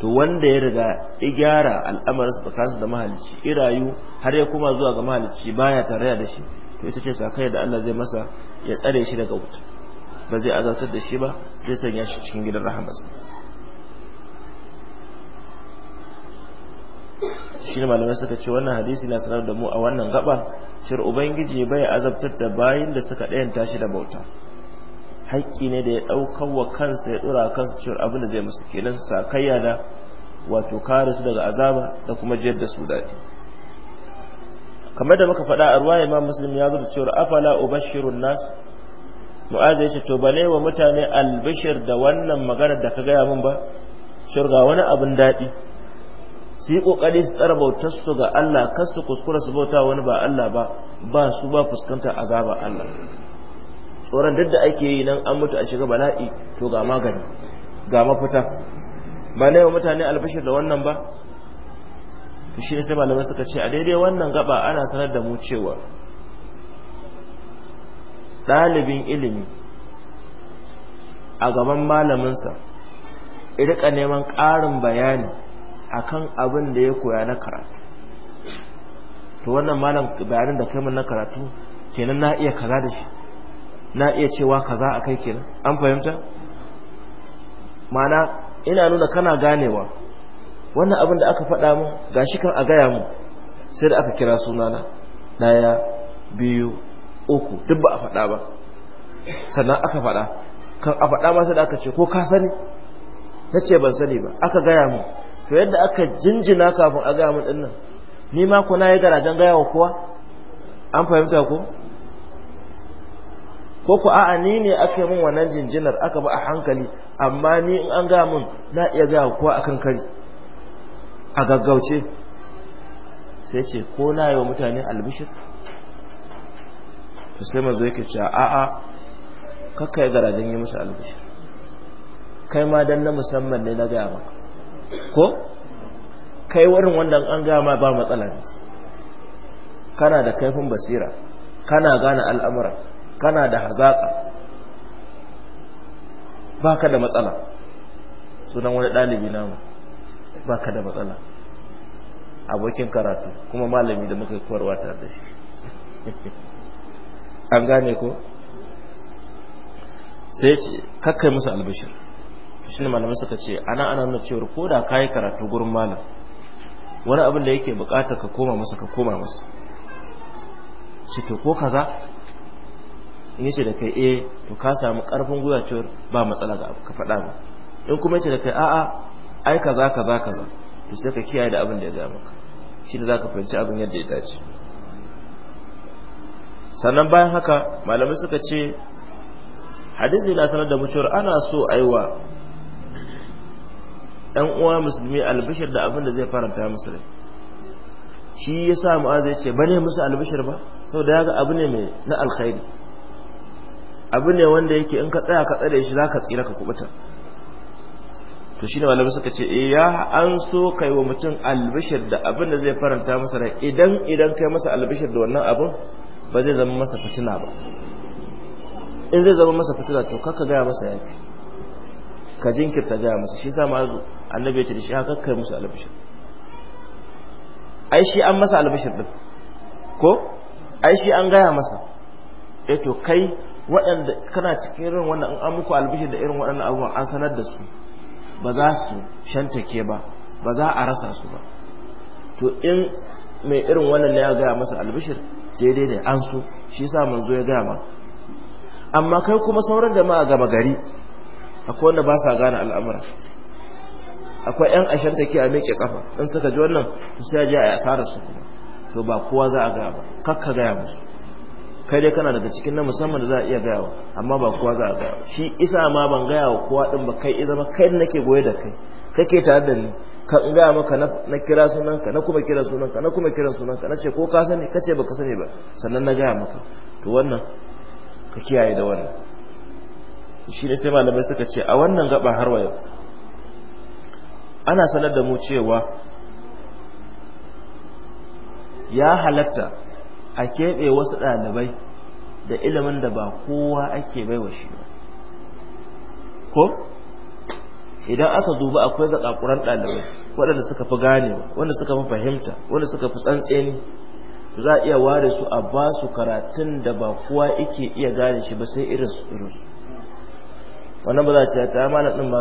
to wanda ya riga ya gyara al'amarin su tsakaninsu da mahalicci irayu har ya kuma zuwa ga mahalicci baya tarayya da shi to ita ce sakayya da Allah zai masa ya tsare shi daga wuta ba zai azabtar da shi ba zai sanya shi cikin gidan rahamarsa shi malamai suka ce wannan hadisi na sanar da mu a wannan gaba cewa ubangiji bai azabtar da bayin da suka dayan tashi da bauta haƙƙi ne da ya daukar wa kansa ya ɗora kansa cewa abin da zai musu kenan sakayya da wato kare su daga azaba da kuma jiyar da su daɗi kamar da muka faɗa a ruwa imam muslim ya zo da cewa afala ubashirun nas mu'aza ya ce to bane wa mutane albishir da wannan magana da ka gaya min ba shirga wani abin daɗi su yi ƙoƙari su tsara bautar su ga Allah kar su kuskura su bauta wani ba Allah ba ba su ba fuskantar azaba Allah tsoron duk da ake yi nan an mutu a shiga bala'i to ga magani ga mafita ba na yawa mutane albashir da wannan ba to shi ne sai malamai suka ce a daidai wannan gaba ana sanar da mu cewa ɗalibin ilimi a gaban malaminsa irka neman ƙarin bayani akan abin da ya koya na karatu to wannan malam bayanin da kai na karatu kenan na iya kaza da shi na iya cewa kaza akai kenan an fahimta mana ina nuna kana ganewa wannan abin da aka faɗa mu gashi kan a gaya mu sai da aka kira sunana daya biyu uku duk ba a faɗa ba sannan aka faɗa kan a faɗa ma sai da aka ce ko ka sani na ce ban sani ba aka gaya mu to yadda aka jinjina kafin a gaya mun dinnan ni ma kuna yi garajen gaya wa kowa an fahimta ku? ko ku a'a ni ne aka yi min wannan jinjinar aka ba a hankali amma ni in an ga min na iya ga kowa akan kari a gaggauce sai ce ko na yi wa mutane albishir to sai mazo yake cewa a'a kakka yi garajen yi musu albishir kai ma dan na musamman ne na gaya maka ko kai warin wannan an gama ba matsala ne kana da kaifin basira kana gane al'amura kana da hazaƙa ba ka da matsala sunan wani ɗalibi namu ba ka da matsala abokin karatu kuma malami da muka kowarwa ta da shi an gane ko sai ce kakkai musu albishir shi ne malamai suka ce ana ana nuna cewar ko da kayi karatu gurin malam wani abin da yake bukata ka koma masa ka koma masa shi to ko kaza in yace da kai eh to ka samu karfin gwiwa cewar ba matsala ga ka faɗa ba in kuma yace da kai a'a ai kaza kaza kaza to sai ka kiyaye da abin da ya ga maka shi ne zaka fahimci abin yadda ya dace sannan bayan haka malamai suka ce hadisi na sanar da mutuwar ana so aiwa ɗan uwa musulmi albishir da abin da zai faranta musu rai shi ya sa mu'azu ya ce bane musu albishir ba saboda ya ga abu ne mai na alkhairi abu ne wanda yake in ka tsaya ka tsare shi za ka tsira ka kubuta to shi shine malamai suka ce eh, ya an so kai wa mutum albishir da abin da zai faranta musu rai idan idan kai masa albishir da wannan abin ba zai zama masa fitina ba in zai zama masa fitina to kaka gaya masa yafi ka jinkirta gaya musu shi sa mazu annabi ya ce shi haka kai musu albishir ai shi an masa albishir din ko ai shi an gaya masa eh to kai waɗanda kana cikin irin wannan in an muku albishir da irin waɗannan abubuwan an sanar da su ba za su shantake ba ba za a rasa su ba to in mai irin wannan ne ya gaya masa albishir daidai ne an so shi sa manzo ya gaya ma amma kai kuma sauran jama'a gama gari akwai wanda ba sa gane al'amura akwai yan ashen take a miƙe kafa in suka ji wannan su sai ji a asara su kuma to ba kowa za a gaya ba kakka gaya musu kai dai kana daga cikin na musamman da za a iya gaya wa amma ba kowa za a gaya shi isa ma ban gaya wa kowa din ba kai zama kai nake goye da kai kake tare da ni ka gaya maka na kira sunanka na kuma kira sunanka na kuma kira sunanka na ce ko ka sani kace baka sani ba sannan na gaya maka to wannan ka kiyaye da wannan shi ne sai malamai suka ce a wannan gaba har wa ana sanar da mu cewa ya halatta a keɓe wasu ɗalibai da ilimin da ba kowa ake baiwa shi ba ko idan aka duba akwai zakakuran ɗalibai waɗanda suka fi ganewa wanda suka fi fahimta wanda suka fi tsantseni za a iya ware su a ba su karatun da ba kowa ike iya gane shi ba sai irin su irin su wannan ba za ce ta amana din ba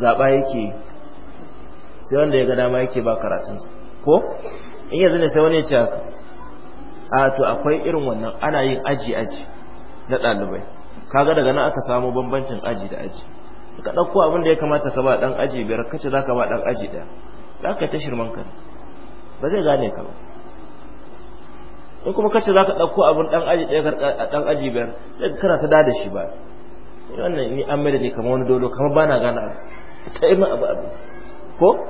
zaba yake sai wanda ya ga dama yake ba karatun su. ko in yanzu ne sai wani ya ce haka a to akwai irin wannan ana yin aji aji na ɗalibai kaga daga nan aka samu bambancin aji da aji ka ɗauko abin da ya kamata ka ba ɗan aji biyar kace za ka ba ɗan aji ɗaya za ka ta shirman ka ba zai gane ka ba in kuma kace za ka ɗauko abin ɗan aji ɗaya ɗan aji biyar sai kana ta da shi ba wannan ni an mai ne kamar wani dolo kamar bana gane abu ta yi abu abu ko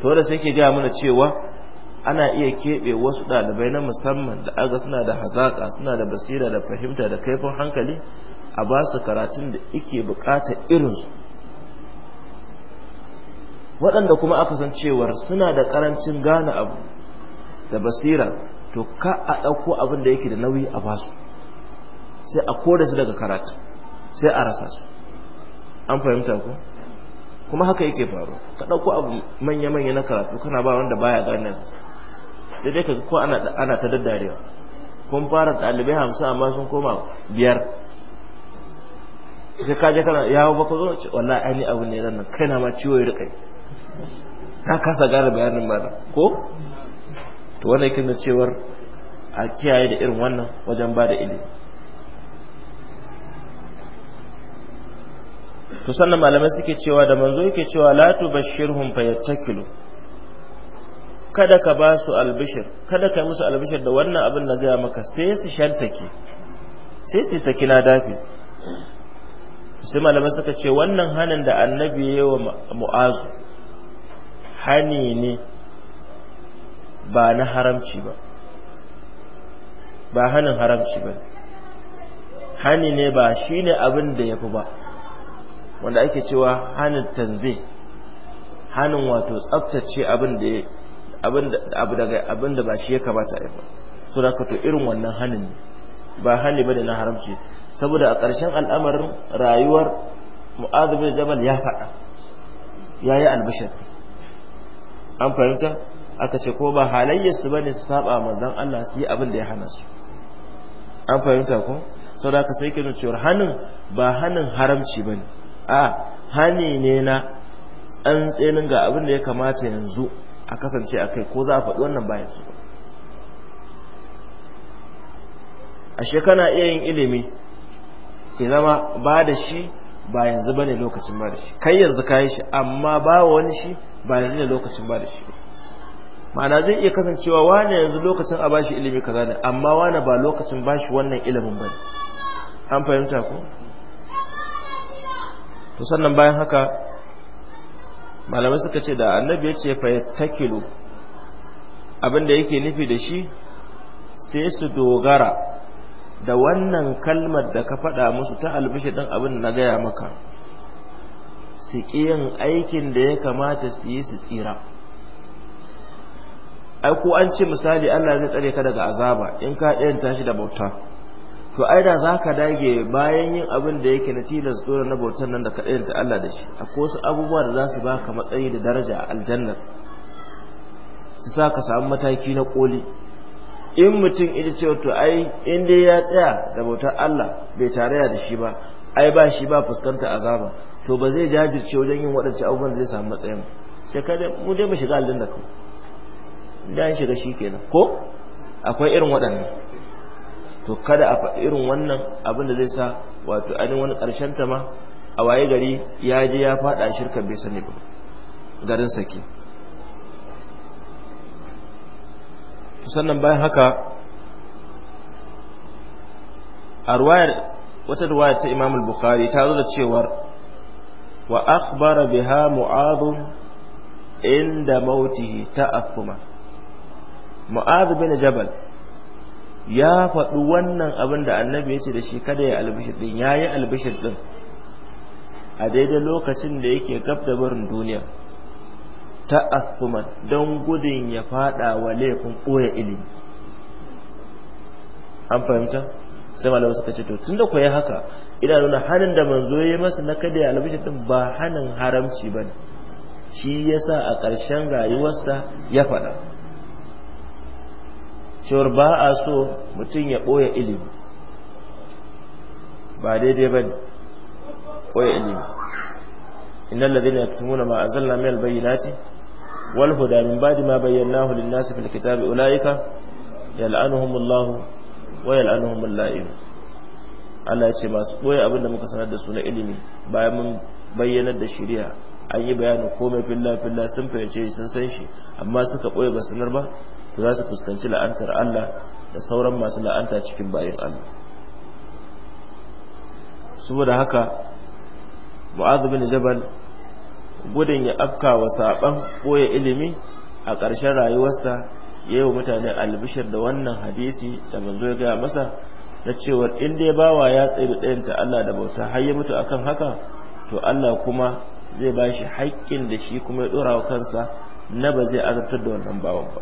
to da sai ke gaya mana cewa ana iya keɓe wasu ɗalibai na musamman da aga suna da hazaƙa suna da basira da fahimta da kaifin hankali a ba su karatun da ike bukata irinsu waɗanda kuma aka san cewar suna da ƙarancin gane abu da basira to ka a ɗauko abin da yake da nauyi a basu sai a kodasu daga karatu sai a rasa su an fahimta ku kuma haka yake faru ka ɗauko abu manya-manya na karatu kana ba wanda baya gane sai dai ka ko ana ta daddarewa kun fara ɗalibai hamsin amma sun koma biyar sai ka kana yawo ba ka zo wala wallahi abu ne nan kai na ma ciwo ya rika ka kasa gara bayanin ba ko to wannan yake cewar a kiyaye da irin wannan wajen ba da ilimi to sannan malamai suke cewa da manzo yake cewa la tubashshirhum fayattakilu kada ka ba su albishir kada ka yi musu albishir da wannan abin na gaya maka sai su shantake sai su saki na dafi sai malamai suka ce wannan hanin da annabi ya yi wa mu'azu hani ne ba na haramci ba ba hanin haramci ba hani ne ba shine abin da ya fi ba wanda ake cewa hannun tanzi hannun wato tsaftace abin da ba shi ya kamata a yi ba da kato irin wannan hannun ne ba hani ba da na haramci saboda a ƙarshen al'amarin rayuwar mu'adabin jamal ya faɗa yi albishar an fahimta aka ce ko ba halayyarsu ne su saba mazan Allah su yi abin da ya hana su an fahimta ko da aka sai kiran cewa hannun ba hannun haramci ba ne. a hani ne na tsantsenin ga abin da ya kamata yanzu a kasance a kai ko za a faɗi wannan bayan su ashe kana iya yin ilimi ya zama ba da shi ba yanzu ba ne lokacin ba da shi kai yanzu ka yi shi amma ba wani shi ba yanzu ne lokacin ba da shi ma'ana zai iya kasancewa wane yanzu lokacin a ba shi ilimi kaza ne amma wane ba lokacin ba shi wannan ilimin ba an fahimta ko to sannan bayan haka malamai suka ce da annabi ya ce fa abin abinda yake nufi da shi sai su dogara da wannan kalmar da ka faɗa musu ta albishi ɗin abin na gaya maka su yin aikin da ya kamata su yi su tsira ai ko an ce misali Allah zai tsare ka daga azaba in ka ɗayan tashi da bauta to ai da zaka dage bayan yin abin da yake na tilas dole na bautan nan da ka ta Allah da shi akwai wasu abubuwa da za su baka matsayi da daraja a aljanna su sa ka samu mataki na koli in mutum ita ce to ai in dai ya tsaya da bautar Allah bai tarayya da shi ba ai ba shi ba fuskanta azaba to ba zai jajirce wajen yin waɗancan abubuwan da zai samu matsayin sai dai mu dai mu shiga aljanna kawai da shiga shi kenan ko akwai irin waɗannan to kada a faɗi irin wannan abin da zai sa wato ainihin wani ƙarshen ta ma a waye gari ya je ya faɗa shirka bai sani ba garin sake sannan bayan haka a ruwayar wata ruwaya ta Imam al-Bukhari ta zo da cewar wa akhbara biha Mu'adh inda mautihi Mu'adh bin Jabal ya faɗi wannan abin da annabi ya ce da shi kada ya albishir ɗin ya yi albishir ɗin a daidai lokacin da yake gab da barin duniya ta asuman don gudun ya faɗa wa laifin ɓoye ilimi an fahimta sai malamu suka ce to tun da ku haka ina nuna hannun da manzo ya yi masa na kada ya albishir ɗin ba hannun haramci ba ne shi sa a ƙarshen rayuwarsa ya faɗa cewar ba a so mutum ya ɓoye ilimi ba daidai ba ne ɓoye ilimi innan lalazin ya tumuna na a zalla mai ce wal da min di ma bayyana hulun nasu fil kitabi ula'ika yal'anuhumullahu wa yal'anuhumul la'in Allah ya ce masu ɓoye abin da muka sanar da su na ilimi bayan mun bayyanar da shirya an yi bayanin komai filla filla sun fahimce sun san shi amma suka ɓoye ba sanar ba to za su fuskanci la'antar Allah da sauran masu la'anta cikin bayin Allah saboda haka mu'adh bin jabal gudun ya afka wa saban boye ilimi a ƙarshen rayuwarsa yayi wa mutane albishir da wannan hadisi da manzo ya gaya masa na cewa in dai bawa ya tsaye da ta Allah da bauta har ya mutu akan haka to Allah kuma zai bashi haƙƙin da shi kuma ya ɗora wa kansa na ba zai azabtar da wannan bawan ba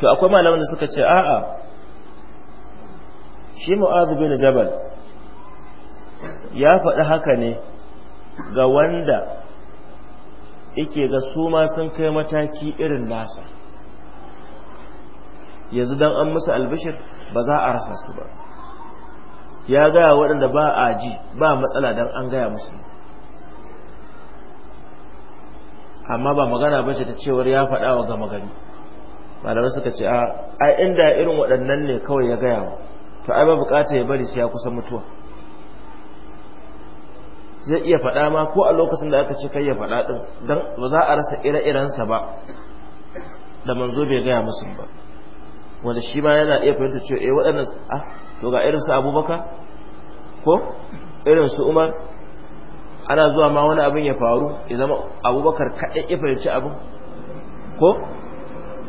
to akwai malaman da suka ce a'a shi mu'azu bin jabal ya faɗi haka ne ga wanda yake ga su ma sun kai mataki irin nasa yanzu dan an musu albishir ba za a rasa su ba ya gaya waɗanda ba a ji ba matsala dan an gaya musu amma ba magana ba ce ta cewar ya faɗawa wa gama gani malamai suka ce a inda irin waɗannan ne kawai ya gaya wa to ai ba bukata ya bari sai ya kusa mutuwa zai iya faɗa ma ko a lokacin da aka ce kai ya faɗa ɗin don ba za a rasa ire-irensa ba da manzo bai gaya musu ba wanda shi ma yana iya fahimta cewa eh waɗannan a ah, to ga irin su abubakar ko irin su umar ana zuwa ma wani abin ya faru ya zama abubakar kaɗai ya fahimci abin ko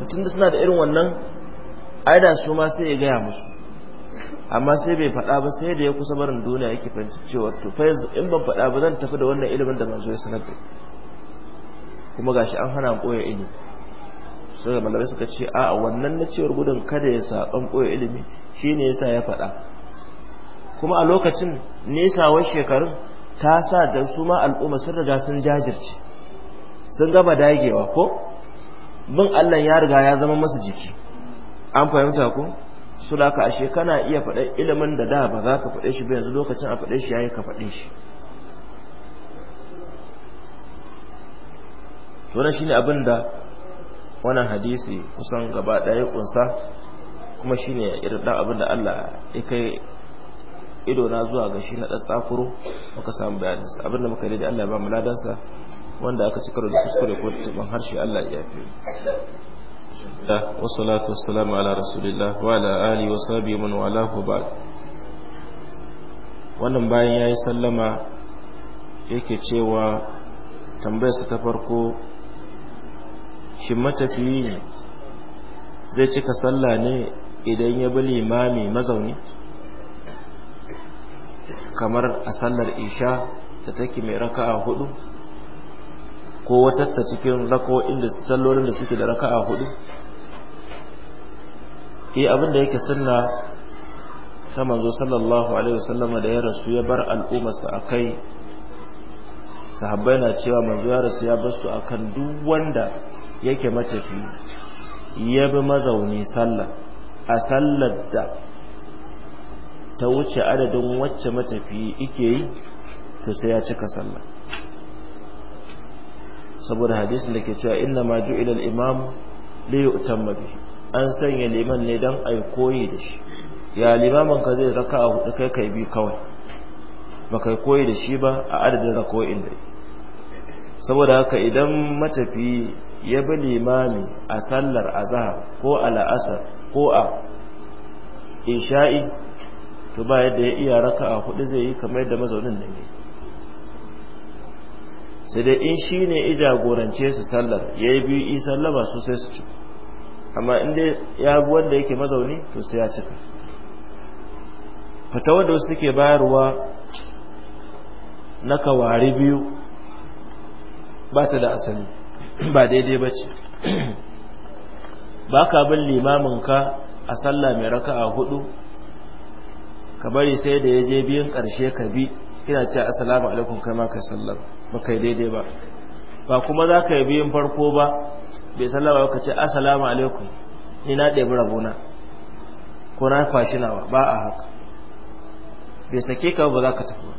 tun da suna da irin wannan aida su ma sai ya gaya musu amma sai bai faɗa ba sai da ya kusa barin duniya yake fahimci cewa to fa in ban faɗa ba zan tafi da wannan ilimin da manzo ya sanar da kuma gashi an hana koyar ilimi sai da malamai suka ce a wannan na cewar gudun kada ya saban koyar ilimi shine yasa ya faɗa kuma a lokacin nesawar shekarun ta sa da su ma al'umma sun riga sun jajirce sun gaba dagewa ko bin Allah ya riga ya zama masa jiki an fahimta ko su ka ashe kana iya faɗa ilimin da da ba za ka faɗe shi ba yanzu lokacin a faɗe shi yayi ka faɗe shi to shine abin da wannan hadisi kusan gaba ɗaya kunsa kuma shine irin dan abin da Allah ya kai ido na zuwa ga shi na tsakuro muka samu bayanin abinda muka yi da Allah ya ba mu ladansa wanda aka ci da kuskure ko tuban harshe Allah ya yafe wa salatu wassalamu ala rasulillah wa ala ali wa sahbihi man wala ba wannan bayan yayi sallama yake cewa tambayarsa ta farko shin matafiyi ne zai cika sallah ne idan ya bi limami mazauni kamar a sallar isha da take mai raka'a hudu ko ta cikin rako'in da sallolin da suke da raka'a hudu eh abinda da yake sunna ta manzo sallallahu alaihi wasallama da ya rasu ya bar al'ummarsa akai sahabbai na cewa manzo ya rasu ya bar su akan duk wanda yake matafi ya bi mazauni sallah a sallar da ta wuce adadin wacce matafi yake yi to sai ya cika sallah saboda hadisin da ke cewa inna ma ju'ila al-imam li yu'tamma bi an sanya liman ne dan ai koyi da shi ya limamin ka zai a hudu kai kai bi kawai baka koyi da shi ba a adadin rako'in da saboda haka idan matafi ya bi limami a sallar azhar ko a la'asar ko a isha'i to ba yadda ya iya a hudu zai yi kamar yadda mazaunin nan ne sai dai in shi ne ya jagorance su sallar ya yi biyu yi sallar su sai su ci amma in dai ya bi wanda yake mazauni to sai ya cika fata wanda wasu suke bayarwa na kawari biyu ba ta da asali ba daidai ba ce ba ka bin limaminka a sallah mai raka a hudu ka bari sai da ya je biyun ƙarshe ka bi ina ce assalamu alaikum kai ma kai sallama ba kai daidai ba ba kuma za ka yi biyun farko ba bai sallama ka ce assalamu alaikum ni na ɗebi rabona ko na kwashi nawa ba a haka bai sake ka ba za ka tafi ba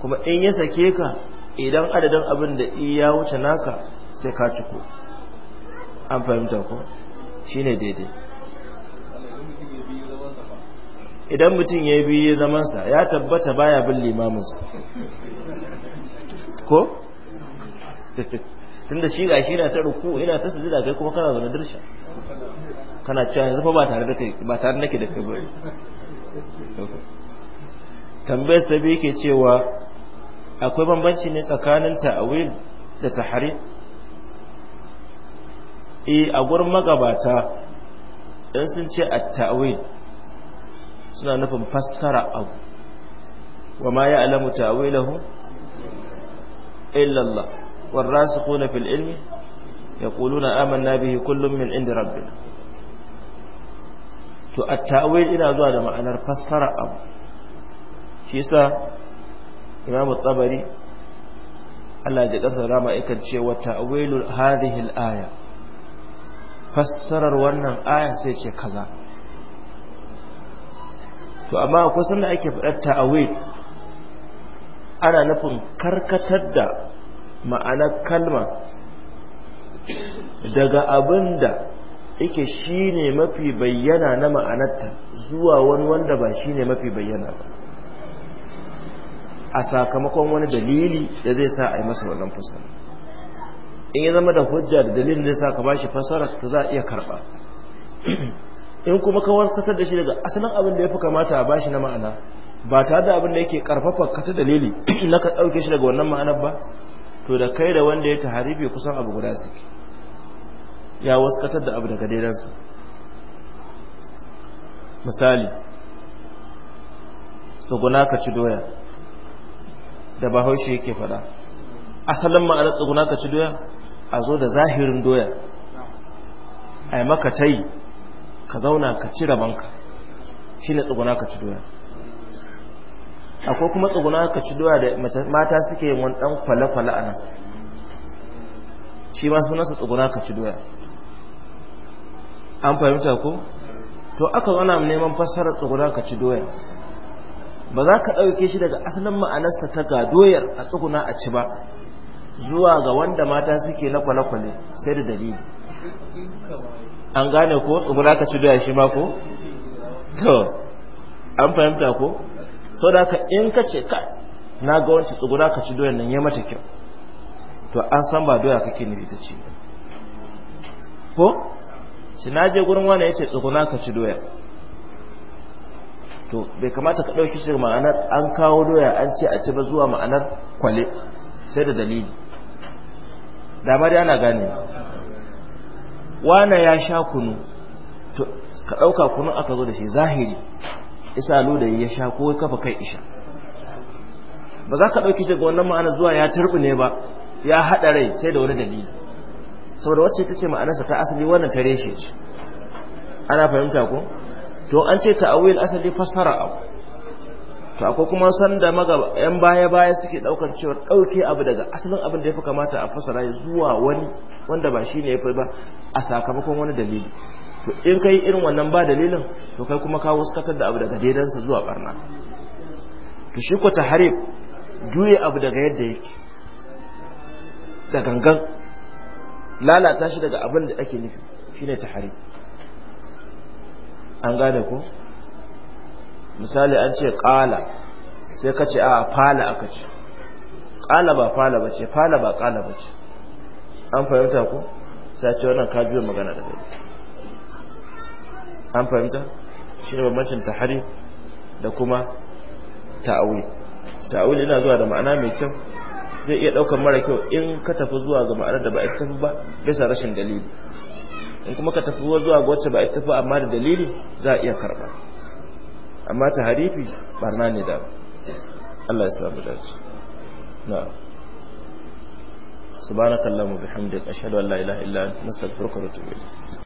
kuma in ya sake ka idan adadin abin da iya wuce naka sai ka ciko an fahimta ko shine daidai idan mutum ya biye zamansa ya tabbata baya bin limaminsa ko tunda shi ga shi yana ta ruku ina ta sujada kai kuma kana zaune dirsha kana cewa yanzu fa ba tare da kai ba tare nake da kai ba tambayar sabi yake cewa akwai bambanci ne tsakanin ta'awil da ta eh a gurin magabata in sun ce a ta'awil suna nufin fassara abu wa ma ya'lamu ta'wilahu illa Allah warasikhuna fil ilmi yaquluna amanna bihi kullum min indi rabbina to at-ta'wil ina zuwa da ma'anar fassara abu shi yasa Imam Tabari Allah ya kasa rama ikan ce wa ta'wilul hadhihi al-aya fassarar wannan aya sai ce kaza to amma akwai sanda ake faɗar ta'awil ana nufin karkatar da ma'anar kalma daga abin da yake shi mafi bayyana na ma'anarta zuwa wani wanda ba shine ne mafi bayyana ba a sakamakon wani dalili da zai sa a yi masa wannan fassara in ya zama da hujja da dalilin zai sa ka bashi shi fassara ta za a iya karɓa in kuma ka warsatar da shi daga asalin abin da ya fi kamata a shi na ma'ana ba tare da abin da yake karfafa kata dalili na ka ɗauke shi daga wannan ma'anar ba to da kai da wanda ya taharife kusan abu guda su ya waskatar da abu daga daidansu. misali tsuguna ka ci doya da bahaushe yake faɗa asalin ma'anar tsuguna ka ci doya a zo da zahirin doya a yi maka tayi ka zauna ka ci rabanka shi ne tsuguna ka ci doya akwai kuma tsuguna ka ci doya da mata suke yin wani ɗan kwale-kwale a nan shi ma sunansa tsuguna ka ci doya an fahimta ko to aka zauna neman fasara tsuguna ka ci doya ba za ka ɗauke shi daga asalin ma'anarsa ta ga doyar a tsuguna a ci ba zuwa ga wanda mata suke na kwale-kwale sai da dalili an gane ko tsumura ka ci doya shi ma ko to an fahimta ko sau da ka in ka ce ka na ga wancan tsugura ka ci doyan nan ya mata kyau to an san ba doya kake ne ta ci ko shi na je gurin wani ya ce tsuguna ka ci doya to bai kamata ka ɗauki shi ma'anar an kawo doya an ce a ci ba zuwa ma'anar kwale sai da dalili da dai ana gane wane ya sha kunu ka ɗauka kunu aka zo da shi zahiri isa da ya sha ko kafa kai isha ba za ka ɗauki daga wannan ma'ana zuwa ya ne ba ya haɗa rai sai da wani dalili saboda wacce ta ce ma'anarsa ta asali wannan ta reshe ana fahimta ko to an ce ta'awil asali fassara abu to akwai kuma sanda maga yan baya baya suke daukar cewa dauke abu daga asalin abin da yafi kamata a fasara zuwa wani wanda ba shine yafi ba a sakamakon wani dalili to in kai irin wannan ba dalilin to kai kuma kawo wuskatar da abu daga daidansa zuwa barna to shi ko taharib juye abu daga yadda yake da gangan lalata shi daga abin da ake nufi shine taharib an gane ko misali an ce ƙala sai ka ce a fala aka ce ƙala ba fala ba ce fala ba ƙala ba ce an fahimta ku sai ce wannan ka biyo magana da bai an fahimta shi ne bambancin tahari da kuma ta'awi ta'awi yana zuwa da ma'ana mai kyau zai iya ɗaukar mara kyau in ka tafi zuwa ga ma'anar da ba a tafi ba bisa rashin dalili in kuma ka tafi zuwa ga wacce ba a tafi amma da dalili za a iya karɓa amma ta harifi barna ne da Allah ya samu dace na subhanakallahumma bihamdika ashhadu an la ilaha illa anta astaghfiruka wa atubu